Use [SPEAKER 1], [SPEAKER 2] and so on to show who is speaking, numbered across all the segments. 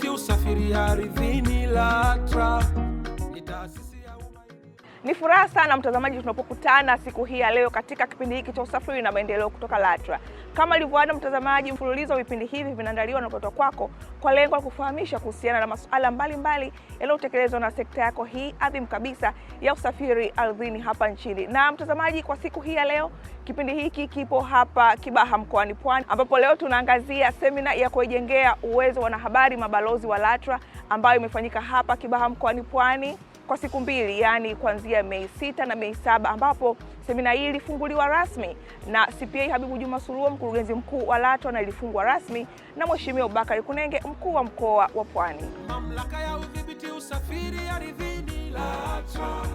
[SPEAKER 1] kudhibiti usafiri ardhini LATRA. Ni furaha sana mtazamaji tunapo Tunakutana siku hii ya leo katika kipindi hiki cha usafiri na maendeleo kutoka LATRA. Kama ilivyoada, mtazamaji, mfululizo wa vipindi hivi vinaandaliwa na kuletwa kwako kwa lengo la kufahamisha kuhusiana na masuala mbalimbali yanayotekelezwa na sekta yako hii adhimu kabisa ya usafiri ardhini hapa nchini. Na mtazamaji, kwa siku hii ya leo kipindi hiki kipo hapa Kibaha mkoani Pwani, ambapo leo tunaangazia semina ya kujengea uwezo wanahabari mabalozi wa LATRA ambayo imefanyika hapa Kibaha mkoani Pwani kwa siku mbili, yaani kuanzia Mei sita na Mei saba ambapo semina hii ilifunguliwa rasmi na CPA Habibu Juma Suluo, mkurugenzi mkuu wa LATRA, na ilifungwa rasmi na Mheshimiwa Bakari Kunenge, mkuu wa mkoa wa Pwani. Mamlaka ya udhibiti usafiri ardhini LATRA.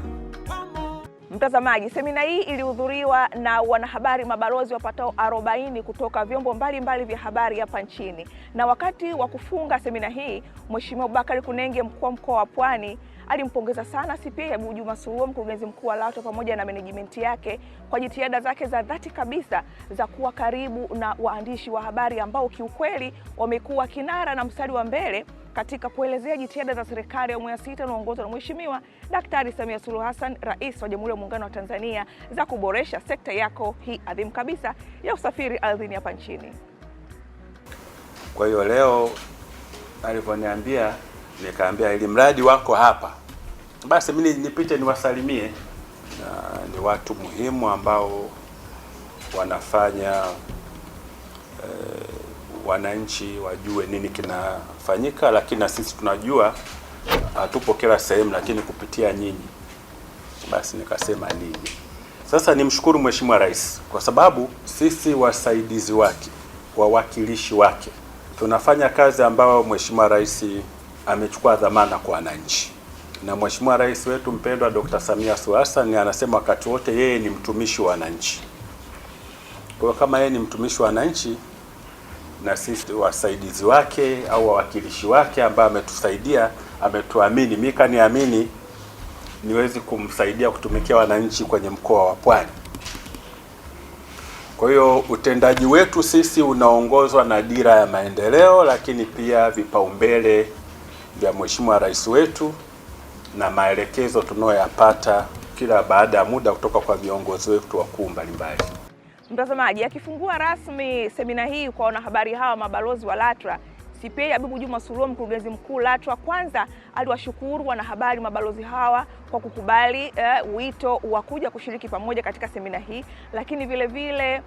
[SPEAKER 1] Mtazamaji, semina hii ilihudhuriwa na wanahabari mabalozi wapatao 40 kutoka vyombo mbalimbali vya habari hapa nchini, na wakati wa kufunga semina hii Mheshimiwa Bakari Kunenge, mkuu wa mkoa wa Pwani alimpongeza sana CPA Abu Juma Suluo, mkurugenzi mkuu wa LATRA pamoja na management yake kwa jitihada zake za dhati kabisa za kuwa karibu na waandishi wa habari ambao kiukweli wamekuwa kinara na mstari wa mbele katika kuelezea jitihada za serikali ya awamu ya sita inayoongozwa na Mheshimiwa Daktari Samia Suluhu Hassan, Rais wa Jamhuri ya Muungano wa Tanzania, za kuboresha sekta yako hii adhimu kabisa ya usafiri ardhini hapa nchini.
[SPEAKER 2] Kwa hiyo leo alivyoniambia nikaambia ili mradi wako hapa basi mimi nipite niwasalimie. Na ni watu muhimu ambao wanafanya e, wananchi wajue nini kinafanyika, lakini na sisi tunajua hatupo kila sehemu, lakini kupitia nyinyi basi nikasema nini Sasa nimshukuru Mheshimiwa Rais kwa sababu sisi wasaidizi wake wawakilishi wake tunafanya kazi ambayo Mheshimiwa Rais amechukua dhamana kwa wananchi, na Mheshimiwa Rais wetu mpendwa Dr. Samia Suluhu Hassan anasema wakati wote yeye ni mtumishi wa wananchi. Kwa kama yeye ni mtumishi wa wananchi na sisi wasaidizi wake au wawakilishi wake ambao ametusaidia, ametuamini, mimi kaniamini niwezi kumsaidia kutumikia wananchi kwenye mkoa wa Pwani. Kwa hiyo utendaji wetu sisi unaongozwa na dira ya maendeleo, lakini pia vipaumbele vya Mheshimiwa Rais wetu na maelekezo tunayoyapata kila baada ya muda kutoka kwa viongozi wetu wakuu mbalimbali.
[SPEAKER 1] Mtazamaji, akifungua rasmi semina hii kwa wanahabari hawa mabalozi wa LATRA CPA Habibu Juma Suluo, mkurugenzi mkuu LATRA, kwanza aliwashukuru wanahabari mabalozi hawa kwa kukubali eh, wito wa kuja kushiriki pamoja katika semina hii, lakini vile vile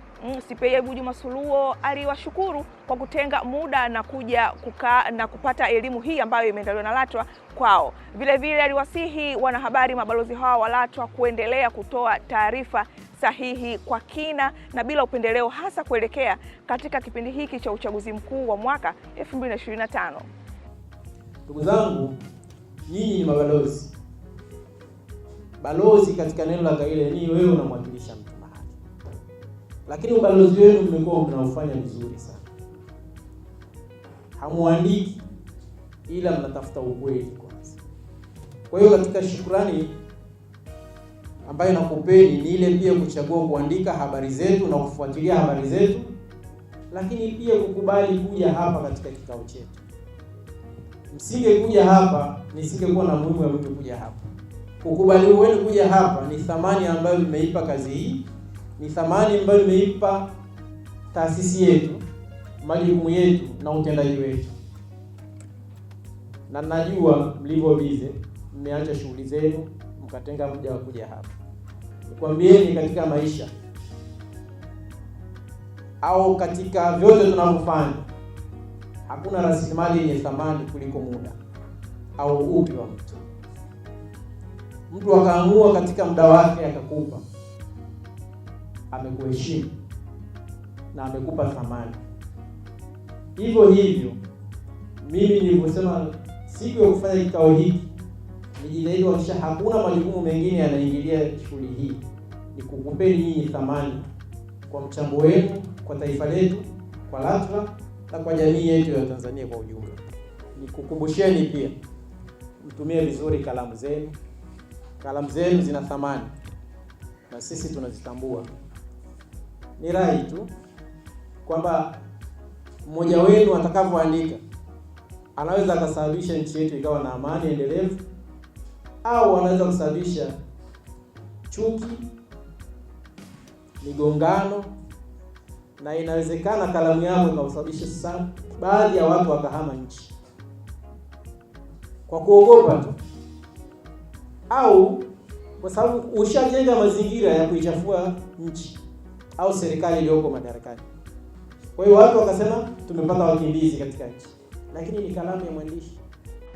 [SPEAKER 1] CPA mm, Habibu Juma Suluo aliwashukuru kwa kutenga muda na kuja kukaa na kupata elimu hii ambayo imeandaliwa na LATRA kwao. Vile vile aliwasihi wanahabari mabalozi hawa wa LATRA kuendelea kutoa taarifa sahihi kwa kina na bila upendeleo, hasa kuelekea katika kipindi hiki cha uchaguzi mkuu wa mwaka 2025.
[SPEAKER 3] Ndugu zangu, nyinyi ni mabalozi. Balozi katika neno la kawaida ni wewe unamwakilisha mtu mahali, lakini ubalozi wenu mmekuwa mnaufanya vizuri sana. Hamuandiki, ila mnatafuta ukweli kwanza. Kwa hiyo katika shukrani ambayo nakupeni ni ile pia kuchagua kuandika habari zetu na kufuatilia habari zetu, lakini pia kukubali kuja hapa katika kikao chetu. Msingekuja hapa, nisingekuwa na muhimu ya mtu kuja hapa. Kukubali wewe kuja hapa ni thamani ambayo nimeipa kazi hii, ni thamani ambayo nimeipa taasisi yetu, majukumu yetu na utendaji wetu, na najua mlivyo bize, mmeacha shughuli zenu mkatenga muda wa kuja hapa. Nikwambieni, katika maisha au katika vyote tunavyofanya, hakuna rasilimali yenye thamani kuliko muda au upi wa mtu. Mtu akaamua katika muda wake akakupa, amekuheshimu na amekupa thamani. Hivyo hivyo mimi nilivyosema siku ya kufanya kikao hiki Nijitahidi kuhakikisha hakuna majukumu mengine yanaingilia shughuli hii. Nikukupeni nyinyi thamani kwa mchango wenu kwa taifa letu, kwa LATRA na kwa jamii yetu ya Tanzania kwa ujumla. Nikukumbusheni pia mtumie vizuri kalamu zenu. Kalamu zenu zina thamani na sisi tunazitambua. Ni rai tu kwamba mmoja wenu atakavyoandika anaweza akasababisha nchi yetu ikawa na amani endelevu au wanaweza kusababisha chuki, migongano na inawezekana kalamu yao ikausababisha sana baadhi ya watu wakahama nchi kwa kuogopa tu, au kwa sababu ushajenga mazingira ya kuichafua nchi au serikali iliyoko madarakani. Kwa hiyo watu wakasema tumepata wakimbizi katika nchi, lakini ni kalamu ya mwandishi.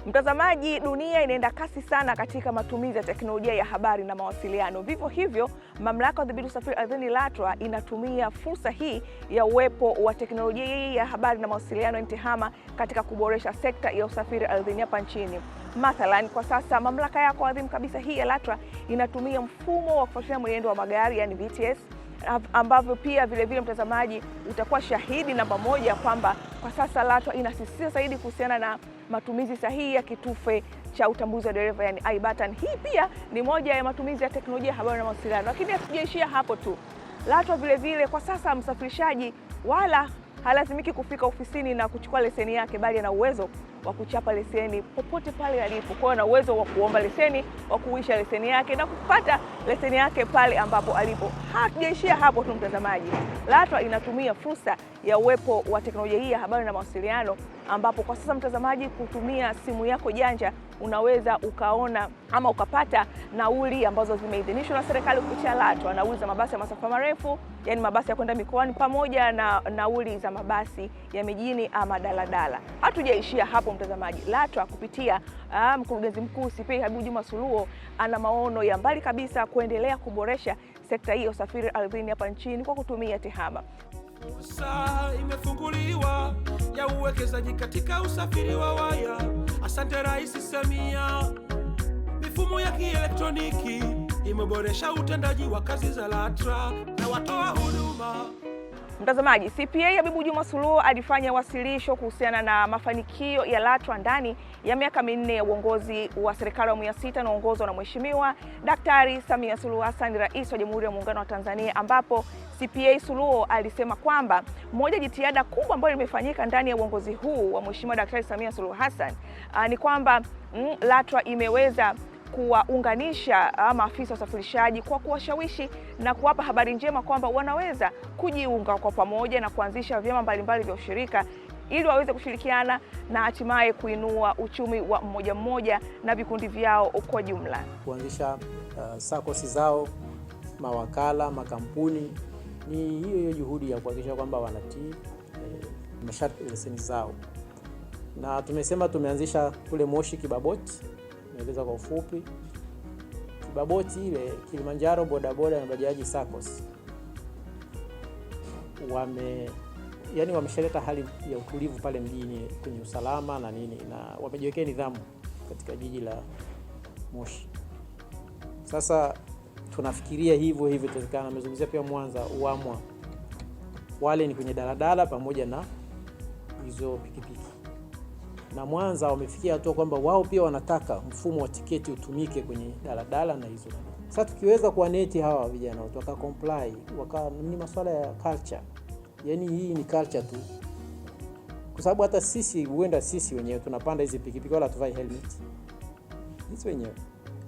[SPEAKER 1] Mtazamaji, dunia inaenda kasi sana katika matumizi ya teknolojia ya habari na mawasiliano. Vivyo hivyo, mamlaka ya udhibiti usafiri ardhini LATRA inatumia fursa hii ya uwepo wa teknolojia hii ya habari na mawasiliano NTEHAMA katika kuboresha sekta ya usafiri ardhini hapa nchini. Mathalan, kwa sasa mamlaka yako adhimu kabisa hii ya LATRA inatumia mfumo wa kufuatilia mwenendo wa magari yani VTS ambavyo pia vilevile, mtazamaji, utakuwa shahidi namba moja kwamba kwa sasa LATRA inasisitiza zaidi kuhusiana na matumizi sahihi ya kitufe cha utambuzi wa dereva yani i button. Hii pia ni moja ya matumizi ya teknolojia ya habari na mawasiliano, lakini hatujaishia hapo tu. LATRA vilevile kwa sasa msafirishaji wala halazimiki kufika ofisini na kuchukua leseni yake, bali ana uwezo wa kuchapa leseni popote pale alipo. Kwa hiyo ana uwezo wa kuomba leseni, wa kuisha leseni yake na kupata leseni yake pale ambapo alipo. Hatujaishia hapo tu, mtazamaji. LATRA inatumia fursa ya uwepo wa teknolojia hii ya habari na mawasiliano, ambapo kwa sasa mtazamaji, kutumia simu yako janja unaweza ukaona ama ukapata nauli ambazo zimeidhinishwa na serikali kupitia LATRA, nauli za mabasi ya masafa marefu, yani mabasi ya kwenda mikoani, pamoja na nauli za mabasi ya mijini ama daladala. Hatujaishia hapo mtazamaji. LATRA kupitia uh, mkurugenzi mkuu CPA Habibu Juma Suluo ana maono ya mbali kabisa kuendelea kuboresha sekta hii ya usafiri ardhini hapa nchini kwa kutumia TEHAMA. Fursa imefunguliwa ya uwekezaji katika usafiri wa waya. Asante Rais Samia. Mifumo ya kielektroniki imeboresha utendaji wa kazi za LATRA na watoa huduma. Mtazamaji, CPA Habibu Juma Suluo alifanya wasilisho kuhusiana na mafanikio ya LATRA ndani ya miaka minne ya uongozi wa serikali ya awamu ya sita inaongozwa na Mheshimiwa Daktari Samia Suluhu Hassan, Rais wa Jamhuri ya Muungano wa Tanzania, ambapo CPA Suluo alisema kwamba moja jitihada kubwa ambayo imefanyika ndani ya uongozi huu wa Mheshimiwa Daktari Samia Suluhu Hassan ah, ni kwamba mm, LATRA imeweza kuwaunganisha ah, maafisa wasafirishaji kwa kuwashawishi na kuwapa habari njema kwamba wanaweza kujiunga kwa pamoja na kuanzisha vyama mbalimbali vya ushirika ili waweze kushirikiana na hatimaye kuinua uchumi wa mmoja mmoja na vikundi vyao kwa jumla,
[SPEAKER 4] kuanzisha uh, sakosi zao, mawakala, makampuni. Ni hiyo hiyo juhudi ya kuhakikisha kwamba wanatii eh, masharti leseni zao, na tumesema tumeanzisha kule Moshi Kibaboti naeleza kwa ufupi. Kibaboti ile Kilimanjaro bodaboda na bajaji sacos wame yani wameshaleta hali ya utulivu pale mjini kwenye usalama na nini, na wamejiwekea nidhamu katika jiji la Moshi. Sasa tunafikiria hivyo hivyo itawezekana. Amezungumzia pia Mwanza, uamwa wale ni kwenye daladala pamoja na hizo pikipiki na Mwanza wamefikia hatua kwamba wao pia wanataka mfumo wa tiketi utumike kwenye daladala na hizo. Sasa tukiweza kuwa neti hawa vijana watu waka comply, waka ni masuala ya culture, yaani hii ni culture tu, kwa sababu hata sisi huenda sisi wenyewe tunapanda hizi pikipiki wala tuvai helmet sisi wenyewe,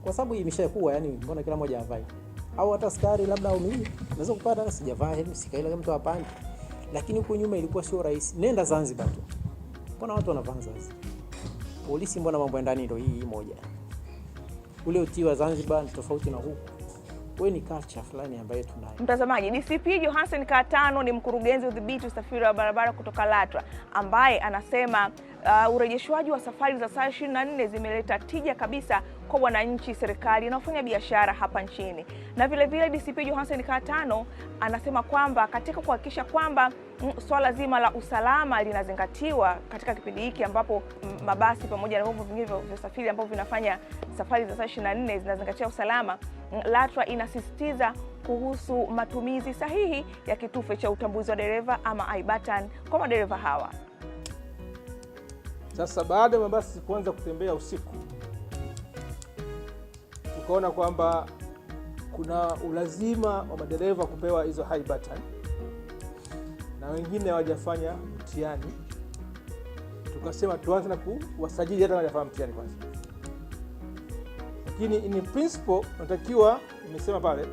[SPEAKER 4] kwa sababu hii imeshakuwa yani, mbona kila mmoja avai au hata askari labda au mimi naweza kupata sijavaa helmet, sikaila kama mtu apande, lakini huko nyuma ilikuwa sio rahisi. Nenda Zanzibar tu Mbona watu wanavaa sasa? Polisi, mbona mambo ya ndani ndio hii moja. Ule utii wa Zanzibar ni tofauti na huku. Wewe ni kacha fulani ambayo tunayo.
[SPEAKER 1] Mtazamaji, DCP Johansen Katano ni mkurugenzi udhibiti usafiri wa barabara kutoka LATRA ambaye anasema uh, urejeshwaji wa safari za saa 24 zimeleta tija kabisa kwa wananchi, serikali na wafanya biashara hapa nchini. Na vilevile vile DCP Johansen Katano anasema kwamba katika kuhakikisha kwamba mm, swala zima la usalama linazingatiwa katika kipindi hiki ambapo mm, mabasi pamoja na vyombo vingine vya usafiri ambavyo vinafanya safari za saa 24 zinazingatia usalama, mm, LATRA inasisitiza kuhusu matumizi sahihi ya kitufe cha utambuzi wa dereva ama button kwa madereva hawa.
[SPEAKER 5] Sasa baada ya mabasi kuanza kutembea usiku, tukaona kwamba kuna ulazima wa madereva kupewa hizo high button, na wengine hawajafanya mtihani. Tukasema tuanze na kuwasajili hata hawajafanya mtihani kwanza, lakini in principle unatakiwa, nimesema pale,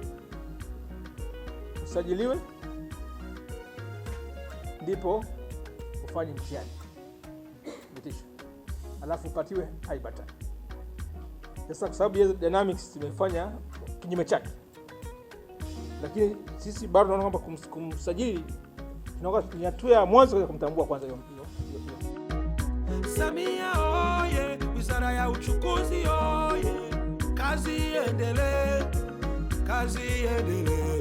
[SPEAKER 5] usajiliwe ndipo ufanye mtihani alafu upatiwe high button. Sasa kwa sababu hizo dynamics zimefanya kinyume chake, lakini sisi bado tunaona kwamba kumsajili ni hatua ya mwanzo katika kumtambua kwanza. Hiyo Samia oye, wizara ya uchukuzi oye, kazi endelee, kazi endelee.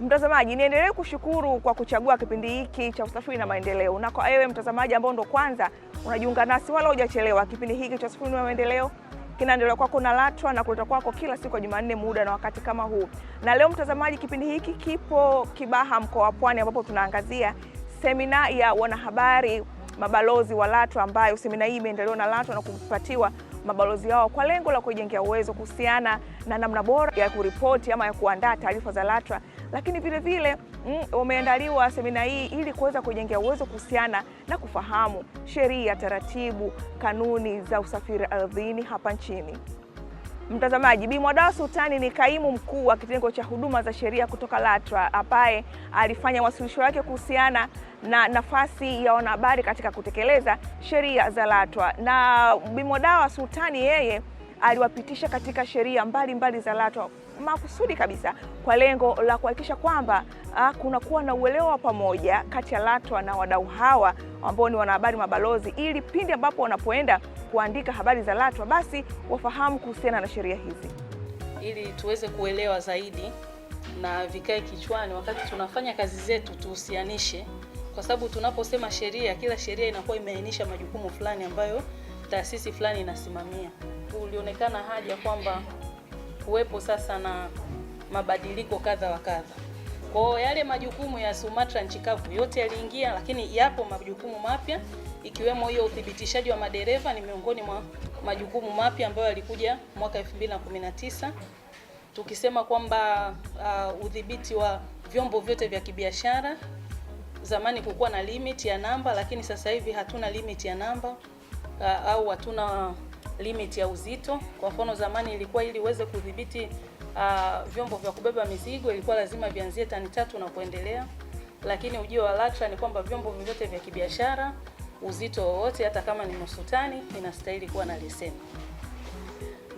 [SPEAKER 1] Mtazamaji, niendelee kushukuru kwa kuchagua kipindi hiki cha usafiri na maendeleo, na kwa wewe mtazamaji ambao ndo kwanza unajiunga nasi, wala hujachelewa. Kipindi hiki cha usafiri na maendeleo kinaendelea kwako na LATRA na kuleta kwako kila siku ya Jumanne muda na wakati kama huu. Na leo mtazamaji, kipindi hiki kipo Kibaha mkoa wa Pwani, ambapo tunaangazia semina ya wanahabari mabalozi wa LATRA, ambayo semina hii imeendelewa na LATRA na kupatiwa mabalozi wao kwa lengo la kujengea uwezo kuhusiana na namna bora ya kuripoti ama ya kuandaa taarifa za LATRA, lakini vile vile mm, wameandaliwa semina hii ili kuweza kujengea uwezo kuhusiana na kufahamu sheria, taratibu, kanuni za usafiri ardhini hapa nchini. Mtazamaji, Bi Mwadawa Sultani ni kaimu mkuu wa kitengo cha huduma za sheria kutoka LATRA ambaye alifanya wasilisho wake kuhusiana na nafasi ya wanahabari katika kutekeleza sheria za LATRA. Na Bi Mwadawa Sultani yeye aliwapitisha katika sheria mbalimbali za LATRA makusudi kabisa kwa lengo la kuhakikisha kwamba ah, kunakuwa na uelewa wa pamoja kati ya LATRA na wadau hawa ambao ni wanahabari mabalozi, ili pindi ambapo wanapoenda kuandika habari za LATRA basi wafahamu kuhusiana na sheria hizi
[SPEAKER 6] ili tuweze kuelewa zaidi na vikae kichwani wakati tunafanya kazi zetu, tuhusianishe, kwa sababu tunaposema sheria, kila sheria inakuwa imeainisha majukumu fulani ambayo taasisi fulani inasimamia. Ulionekana haja kwamba kuwepo sasa na mabadiliko kadha wa kadha. Kwa hiyo yale majukumu ya SUMATRA nchi kavu yote yaliingia, lakini yapo majukumu mapya ikiwemo hiyo uthibitishaji wa madereva ni miongoni mwa majukumu mapya ambayo yalikuja mwaka 2019 tukisema kwamba uh, udhibiti wa vyombo vyote vya kibiashara. Zamani kulikuwa na limit ya namba, lakini sasa hivi hatuna limit ya namba uh, au hatuna limit ya uzito. Kwa mfano zamani ilikuwa ili uweze kudhibiti uh, vyombo vya kubeba mizigo ilikuwa lazima vianzie tani tatu na kuendelea, lakini ujio wa LATRA ni kwamba vyombo vyovyote vya kibiashara uzito wowote hata kama ni nusu tani inastahili kuwa na leseni.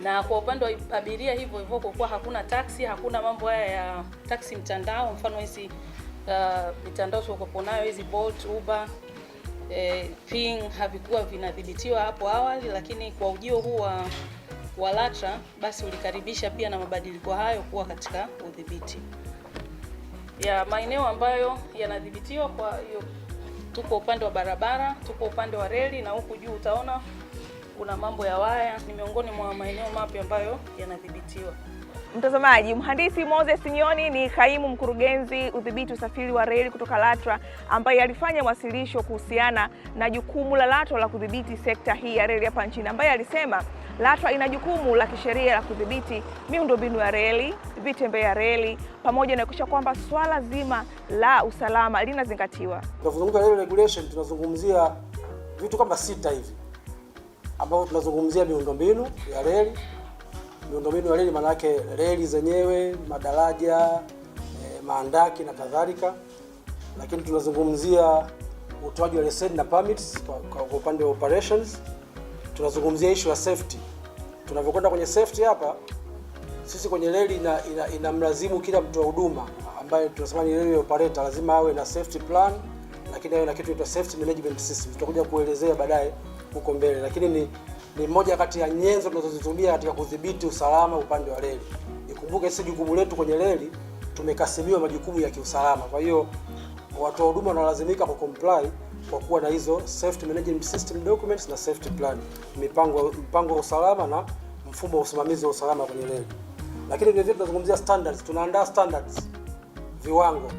[SPEAKER 6] Na kwa upande wa abiria hivyo hivyo, kwa kuwa hakuna taksi, hakuna mambo haya ya taksi mtandao, mfano hizi uh, ah, mitandao tukopo nayo hizi Bolt, Uber e, havikuwa vinadhibitiwa hapo awali, lakini kwa ujio huu wa wa LATRA basi ulikaribisha pia na mabadiliko hayo kuwa katika udhibiti ya maeneo ambayo yanadhibitiwa. Kwa hiyo tuko upande wa barabara, tuko upande wa reli na huku juu utaona kuna mambo ya waya, ni miongoni mwa maeneo mapya ambayo yanadhibitiwa.
[SPEAKER 1] Mtazamaji, mhandisi Moses Nyoni ni kaimu mkurugenzi udhibiti usafiri wa reli kutoka LATRA ambaye alifanya wasilisho kuhusiana na jukumu la LATRA la kudhibiti sekta hii ya reli hapa nchini, ambaye alisema LATRA ina jukumu la kisheria la kudhibiti miundombinu ya reli, vitembea reli, pamoja na kuhakikisha kwamba swala zima la usalama linazingatiwa.
[SPEAKER 7] Tunazungumza reli regulation, tunazungumzia vitu kama sita hivi ambavyo tunazungumzia miundombinu ya reli miundombinu ya reli, maana yake reli zenyewe, madaraja e, maandaki na kadhalika, lakini tunazungumzia utoaji wa leseni na permits kwa kwa upande wa operations. Tunazungumzia issue ya safety. Tunavyokwenda kwenye safety hapa sisi kwenye reli ina, ina, ina mlazimu kila mtu wa huduma ambaye tunasema ni reli operator lazima awe na safety plan, lakini awe na kitu inaitwa safety management system. Tutakuja kuelezea baadaye huko mbele, lakini ni ni moja kati ya nyenzo tunazozitumia katika kudhibiti usalama upande wa reli. Ikumbuke sisi jukumu letu kwenye reli tumekasimiwa majukumu ya kiusalama, kwa hiyo watu wa huduma wanalazimika ku comply kwa kuwa na hizo safety management system documents na safety plan, mipango mpango wa usalama na mfumo wa usimamizi wa usalama kwenye reli. Lakini vile vile tunazungumzia standards, tunaandaa standards, viwango,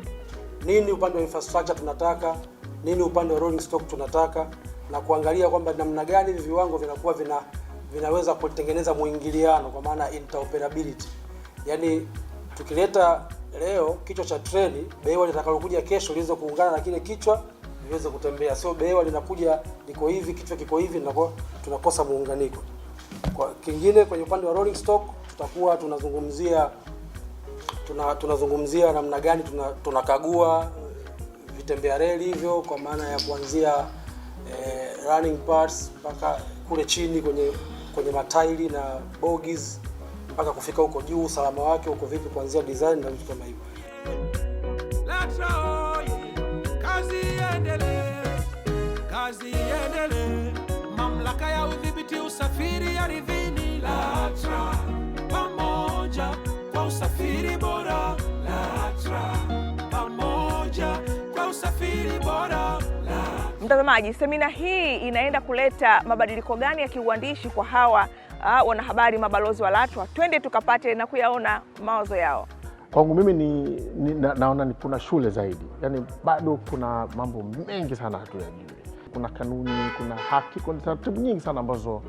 [SPEAKER 7] nini upande wa infrastructure tunataka nini, upande wa rolling stock tunataka na kuangalia kwamba namna gani hivi viwango vinakuwa vina vinaweza kutengeneza mwingiliano kwa maana interoperability. Yaani tukileta leo kichwa cha treni, behewa litakalokuja kesho liweze kuungana na kile kichwa viweze kutembea, sio behewa linakuja liko hivi kichwa kiko hivi, na tunakosa muunganiko. Kwa kingine, kwenye upande wa rolling stock tutakuwa tunazungumzia tuna, tunazungumzia namna gani tunakagua tuna vitembea reli hivyo kwa maana ya kuanzia eh, running parts mpaka kule chini kwenye kwenye matairi na bogies mpaka kufika huko juu, usalama wake uko vipi, kuanzia design na vitu kama hivyo. Kazi iendelee, kazi iendelee. Mamlaka ya Udhibiti Usafiri Ardhini
[SPEAKER 1] LATRA Mtazamaji, semina hii inaenda kuleta mabadiliko gani ya kiuandishi kwa hawa uh, wanahabari mabalozi wa LATRA? Twende tukapate na kuyaona mawazo yao.
[SPEAKER 8] Kwangu mimi ni, ni, na, naona ni kuna shule zaidi, yaani bado kuna mambo mengi sana hatuyajui. Kuna kanuni, kuna haki, kuna taratibu nyingi sana ambazo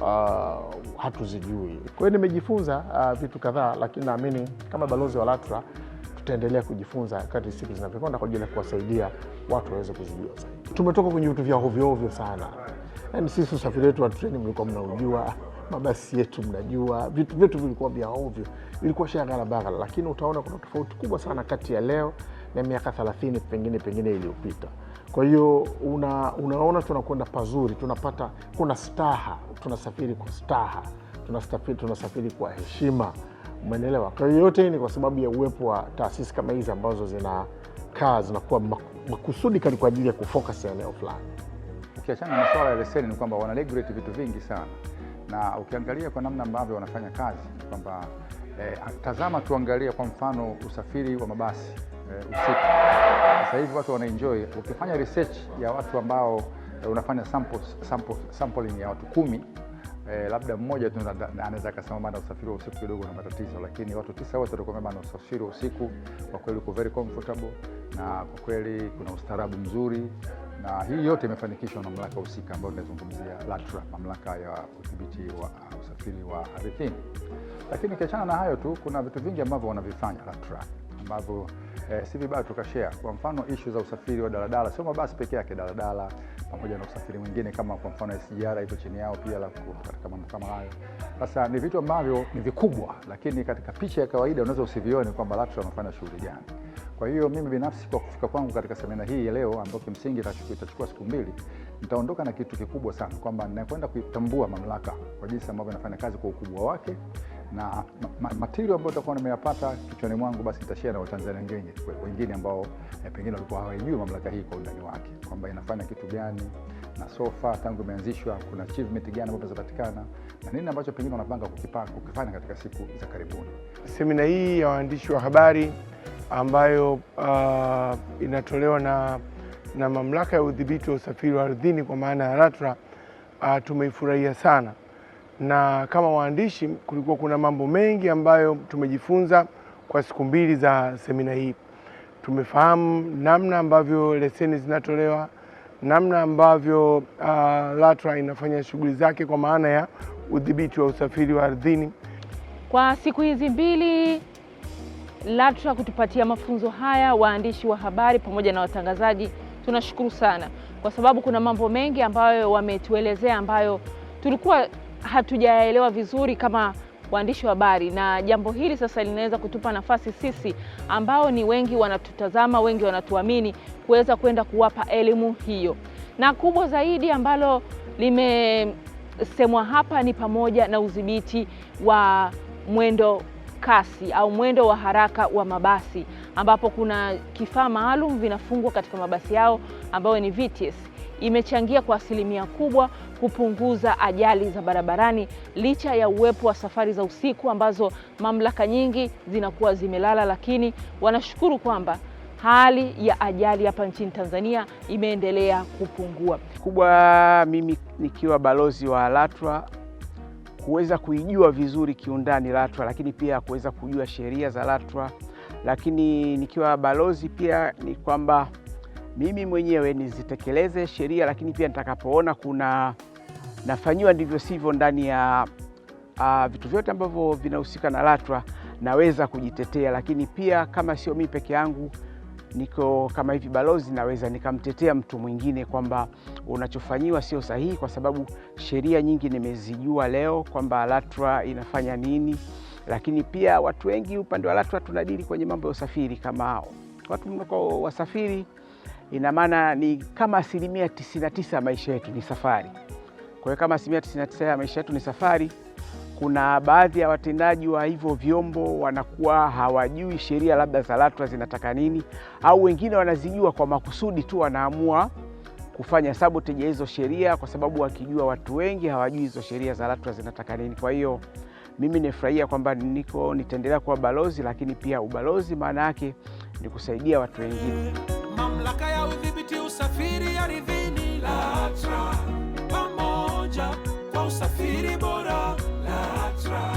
[SPEAKER 8] uh, hatuzijui. Kwa hiyo nimejifunza uh, vitu kadhaa, lakini naamini kama balozi wa LATRA tutaendelea kujifunza kati siku zinavyokwenda kwa ajili ya kuwasaidia watu waweze kuzijua zaidi. Tumetoka kwenye vitu vya hovyohovyo sana, yaani sisi usafiri wetu wa treni mlikuwa mnaujua, mabasi yetu mnajua, vitu vyetu vilikuwa vya ovyo, ilikuwa shaghala baghala, lakini utaona kuna tofauti kubwa sana kati ya leo na miaka thelathini pengine pengine iliyopita. Kwa hiyo una, unaona tunakwenda pazuri, tunapata kuna staha, tunasafiri kwa staha, tunasafiri, tunasafiri kwa heshima. Umeelewa? Kwa hiyo yote ni kwa sababu ya uwepo wa taasisi kama hizi ambazo zinakaa zinakuwa makusudi kani kwa ajili ya kufocus eneo fulani.
[SPEAKER 9] Ukiachana na masuala ya leseni, ni kwamba regulate vitu vingi sana, na ukiangalia kwa namna ambavyo wanafanya kazi kwamba eh, tazama tuangalia kwa mfano usafiri wa mabasi eh, usiku. Sasa hivi watu wanaenjoy, ukifanya research ya watu ambao eh, unafanya sample, sample, sampling ya watu kumi eh, labda mmoja tu anaweza akasema bana usafiri wa usiku kidogo na matatizo, lakini watu tisa wote watakuwa bana usafiri wa usiku kwa kweli uko very comfortable, na kwa kweli kuna ustaarabu mzuri, na hii yote imefanikishwa na mamlaka husika ambayo inazungumzia LATRA, mamlaka ya udhibiti wa uh, usafiri wa ardhini. Lakini ukiachana na hayo tu, kuna vitu vingi ambavyo wanavifanya LATRA ambavyo eh, si vibaya tukashare kwa mfano issue za usafiri wa daladala, sio mabasi peke yake, daladala pamoja na usafiri mwingine kama kwa mfano SGR iko chini yao pia la katika mambo kama hayo. Sasa ni vitu ambavyo ni vikubwa, lakini katika picha ya kawaida unaweza usivione kwamba LATRA wanafanya shughuli gani. Kwa hiyo mimi binafsi kwa kufika kwangu katika semina hii ya leo ambayo kimsingi itachukua siku mbili, nitaondoka na kitu kikubwa sana kwamba ninakwenda kuitambua mamlaka kwa jinsi ambavyo inafanya kazi kwa ukubwa wake na matirio ambayo takuwa nimeyapata kichwani mwangu, basi nitashare na Watanzania wengine wengine ambao eh, pengine walikuwa hawajui mamlaka hii kwa undani wake kwamba inafanya kitu gani, na sofa tangu imeanzishwa kuna achievement gani ambazo zinapatikana na nini ambacho pengine wanapanga kukifanya katika siku za karibuni.
[SPEAKER 10] Semina hii ya waandishi wa habari ambayo uh, inatolewa na, na mamlaka ya udhibiti wa usafiri wa ardhini kwa maana ya LATRA uh, ah, tumeifurahia sana na kama waandishi kulikuwa kuna mambo mengi ambayo tumejifunza kwa siku mbili za semina hii. Tumefahamu namna ambavyo leseni zinatolewa, namna ambavyo uh, LATRA inafanya shughuli zake kwa maana ya udhibiti wa usafiri wa ardhini.
[SPEAKER 11] Kwa siku hizi mbili LATRA kutupatia mafunzo haya waandishi wa habari pamoja na watangazaji, tunashukuru sana, kwa sababu kuna mambo mengi ambayo wametuelezea ambayo tulikuwa hatujaelewa vizuri kama waandishi wa habari, na jambo hili sasa linaweza kutupa nafasi sisi ambao ni wengi wanatutazama, wengi wanatuamini, kuweza kwenda kuwapa elimu hiyo. Na kubwa zaidi ambalo limesemwa hapa ni pamoja na udhibiti wa mwendo kasi au mwendo wa haraka wa mabasi, ambapo kuna kifaa maalum vinafungwa katika mabasi yao ambayo ni VTS, imechangia kwa asilimia kubwa kupunguza ajali za barabarani licha ya uwepo wa safari za usiku ambazo mamlaka nyingi zinakuwa zimelala, lakini wanashukuru kwamba hali ya ajali hapa nchini Tanzania imeendelea kupungua.
[SPEAKER 12] Kubwa mimi nikiwa balozi wa LATRA kuweza kuijua vizuri kiundani LATRA, lakini pia kuweza kujua sheria za LATRA, lakini nikiwa balozi pia ni kwamba mimi mwenyewe nizitekeleze sheria, lakini pia nitakapoona kuna nafanyiwa ndivyo sivyo ndani ya uh, vitu vyote ambavyo vinahusika na LATRA naweza kujitetea, lakini pia kama sio mimi peke yangu niko kama hivi balozi, naweza nikamtetea mtu mwingine kwamba unachofanyiwa sio sahihi, kwa sababu sheria nyingi nimezijua leo kwamba LATRA inafanya nini. Lakini pia watu wengi upande wa LATRA tunadili kwenye mambo ya usafiri, kama watu mnako wasafiri ina maana ni kama asilimia 99 ya maisha yetu ni safari. Kwa hiyo kama asilimia 99 ya maisha yetu ni safari, kuna baadhi ya watendaji wa hivyo vyombo wanakuwa hawajui sheria labda za LATRA zinataka nini, au wengine wanazijua kwa makusudi tu, wanaamua kufanya sabotage hizo sheria, kwa sababu wakijua watu wengi hawajui hizo sheria za LATRA zinataka nini. Kwa hiyo mimi nifurahia kwamba niko nitaendelea kuwa balozi, lakini pia ubalozi maana yake ni kusaidia watu wengine mamlaka ya udhibiti usafiri ardhini LATRA, pamoja
[SPEAKER 1] kwa usafiri bora LATRA,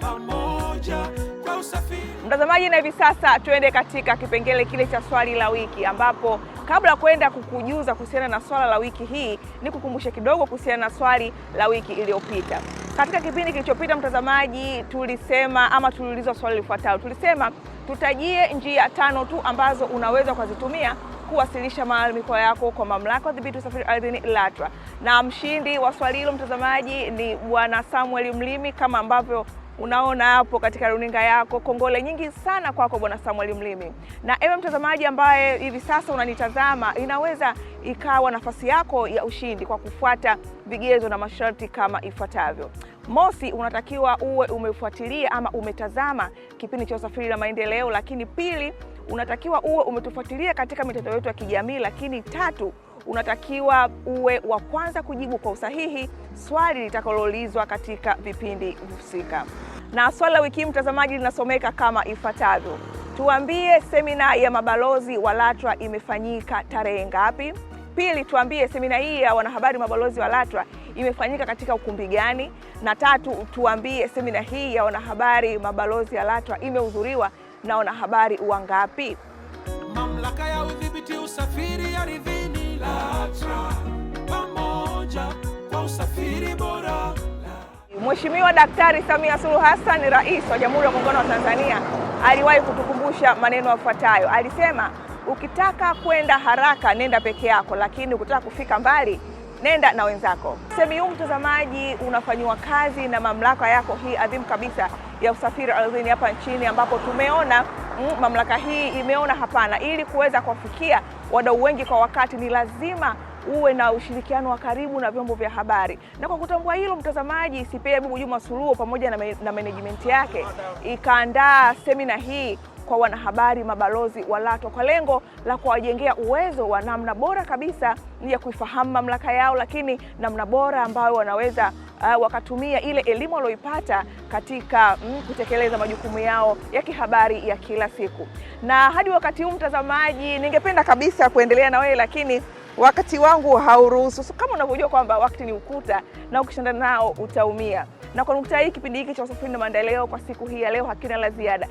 [SPEAKER 1] pamoja kwa usafiri. Mtazamaji, na hivi sasa tuende katika kipengele kile cha swali la wiki ambapo kabla ya kwenda kukujuza kuhusiana na swala la wiki hii, ni kukumbusha kidogo kuhusiana na swali la wiki iliyopita. Katika kipindi kilichopita, mtazamaji, tulisema ama tuliulizwa swali lifuatalo, tulisema Tutajie njia tano tu ambazo unaweza ukazitumia kuwasilisha malalamiko yako kwa mamlaka ya udhibiti usafiri ardhini LATRA. Na mshindi wa swali hilo mtazamaji ni bwana Samuel Mlimi, kama ambavyo unaona hapo katika runinga yako. Kongole nyingi sana kwako bwana Samuel Mlimi. Na ewe mtazamaji ambaye hivi sasa unanitazama, inaweza ikawa nafasi yako ya ushindi kwa kufuata vigezo na masharti kama ifuatavyo. Mosi, unatakiwa uwe umefuatilia ama umetazama kipindi cha Usafiri na Maendeleo, lakini pili, unatakiwa uwe umetufuatilia katika mitandao yetu ya kijamii, lakini tatu, unatakiwa uwe wa kwanza kujibu kwa usahihi swali litakaloulizwa katika vipindi husika. Na swali la wiki hii mtazamaji, linasomeka kama ifuatavyo: tuambie semina ya mabalozi wa LATRA imefanyika tarehe ngapi? Pili, tuambie semina hii ya wanahabari mabalozi wa LATRA imefanyika katika ukumbi gani, na tatu, tuambie semina hii ya wanahabari mabalozi ya LATRA imehudhuriwa na wanahabari wangapi? Mamlaka ya udhibiti usafiri ardhini LATRA, pamoja kwa usafiri bora. Mheshimiwa Daktari Samia Suluhu Hassan, Rais wa Jamhuri ya Muungano wa Tanzania, aliwahi kutukumbusha maneno yafuatayo. Alisema, ukitaka kwenda haraka nenda peke yako, lakini ukitaka kufika mbali nenda na wenzako. Semi huu mtazamaji, unafanyiwa kazi na mamlaka yako hii adhimu kabisa ya usafiri ardhini hapa nchini, ambapo tumeona mm, mamlaka hii imeona hapana, ili kuweza kuwafikia wadau wengi kwa wakati ni lazima uwe na ushirikiano wa karibu na vyombo vya habari. Na kwa kutambua hilo, mtazamaji, CPA Habibu Juma Suluo pamoja na, na management yake ikaandaa semina hii kwa wanahabari, mabalozi wa LATRA kwa lengo la kuwajengea uwezo wa namna bora kabisa ya kuifahamu mamlaka yao, lakini namna bora ambayo wanaweza uh, wakatumia ile elimu walioipata katika mm, kutekeleza majukumu yao ya kihabari ya kila siku. Na hadi wakati huu, mtazamaji, ningependa kabisa kuendelea na wewe, lakini wakati wangu hauruhusu. So, kama unavyojua kwamba wakati ni ukuta na ukishinda nao utaumia. Na kwa nukta hii, kipindi hiki cha usafiri na maendeleo kwa siku hii ya leo hakina la ziada.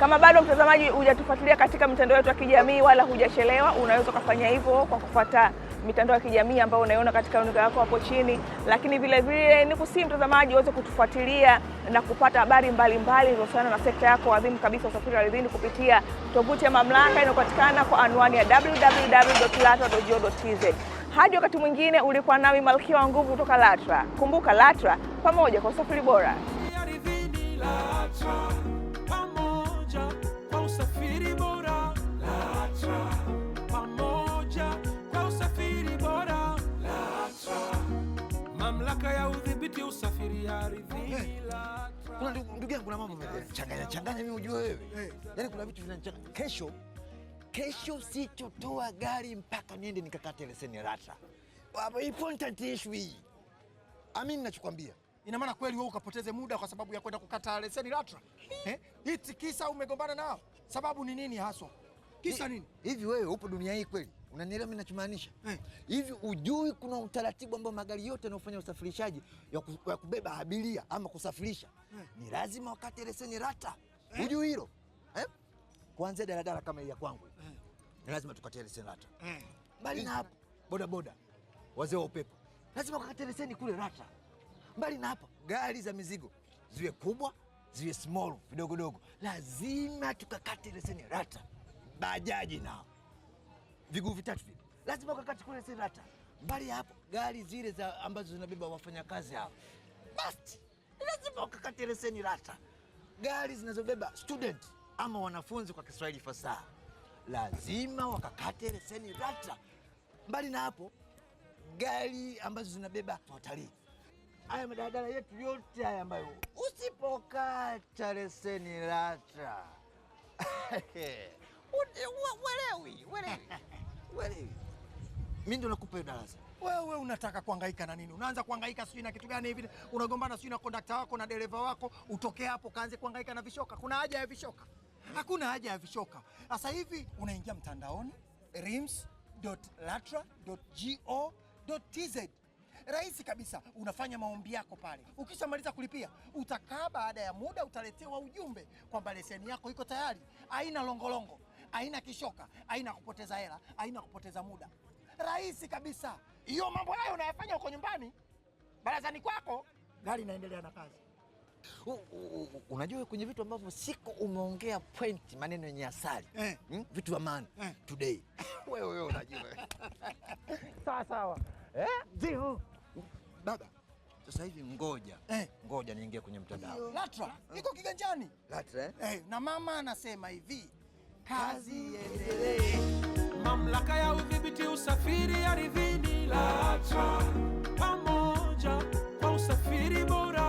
[SPEAKER 1] Kama bado mtazamaji hujatufuatilia katika mitandao yetu ya kijamii wala hujachelewa, unaweza ukafanya hivyo kwa kufuata mitandao ya kijamii ambayo unaiona katika runinga yako hapo chini, lakini vile vile ni kusii mtazamaji uweze kutufuatilia na kupata habari mbalimbali zinazohusiana na sekta yako adhimu kabisa usafiri wa ardhini kupitia tovuti ya mamlaka inayopatikana kwa anwani ya www.latra.go.tz. Hadi wakati mwingine, ulikuwa nami Malkia wa Nguvu kutoka LATRA. Kumbuka, LATRA pamoja kwa usafiri bora usafiri bora LATRA,
[SPEAKER 13] pamoja kwa usafiri bora LATRA, mamlaka ya udhibiti usafiri ardhini hey. Eh. LATRA. Ndugu yangu na mambo changanya changanya, mimi ujue wewe eh. Yaani kuna vitu vinanichanganya. Kesho kesho sitotoa gari mpaka niende nikakate leseni ya LATRA. Important issue hii, amini nachokwambia. Ina maana kweli wewe ukapoteze muda kwa sababu ya kwenda kukata leseni LATRA eh? Eti kisa umegombana nao Sababu ni nini haswa? Kisa nini?
[SPEAKER 14] Hivi wewe upo dunia hii kweli? Unanielewa mimi ninachomaanisha? Eh. Hivi hey, ujui kuna utaratibu ambao magari yote yanayofanya usafirishaji ya kubeba abiria ama kusafirisha hey, eh. ni lazima wakati leseni rata hey, eh. Ujui hilo eh? Kuanzia daladala kama ya kwangu hey, ni lazima tukatie leseni rata eh. Mbali na hapo bodaboda, wazee wa upepo lazima wakate leseni kule rata. Mbali na hapo, gari za mizigo ziwe kubwa ziwe small vidogo dogo, lazima tukakate leseni rata. Bajaji na viguu vitatu vile lazima ukakate kule leseni rata. Mbali ya hapo, gari zile za ambazo zinabeba wafanyakazi hao basi lazima ukakate leseni rata. Gari zinazobeba student ama wanafunzi kwa Kiswahili fasaha lazima wakakate leseni rata. Mbali na hapo, gari ambazo zinabeba watalii haya madaladala yetu yote haya ambayo usipokata leseni LATRA eh, welewi welewi welewi, mimi ndo nakupa hiyo darasa.
[SPEAKER 13] Wewe unataka kuhangaika na nini? Unaanza kuhangaika sijui na kitu gani hivi, unagombana sijui na kondakta wako na dereva wako, utoke hapo kaanze kuhangaika na vishoka. Kuna haja ya vishoka? Hakuna haja ya vishoka. Sasa hivi unaingia mtandaoni rims.latra.go.tz rahisi kabisa. Unafanya maombi yako pale, ukishamaliza kulipia utakaa, baada ya muda utaletewa ujumbe kwamba leseni yako iko tayari. Haina longolongo, haina kishoka, haina kupoteza hela, haina kupoteza muda, rahisi kabisa. Hiyo mambo hayo unayafanya huko nyumbani barazani kwako, gari inaendelea na kazi.
[SPEAKER 14] unajua kwenye vitu ambavyo siku umeongea point maneno yenye asali eh, hmm? vitu vya maana eh, today wewe wewe unajua
[SPEAKER 15] sawa sawa. Eh? Ndio
[SPEAKER 14] Dada sasa hivi ngoja eh, ngoja niingie kwenye mtandao.
[SPEAKER 13] LATRA niko kiganjani LATRA eh? eh, na mama anasema hivi kazi iendelee. Mamlaka ya udhibiti usafiri ardhini LATRA, pamoja kwa usafiri bora.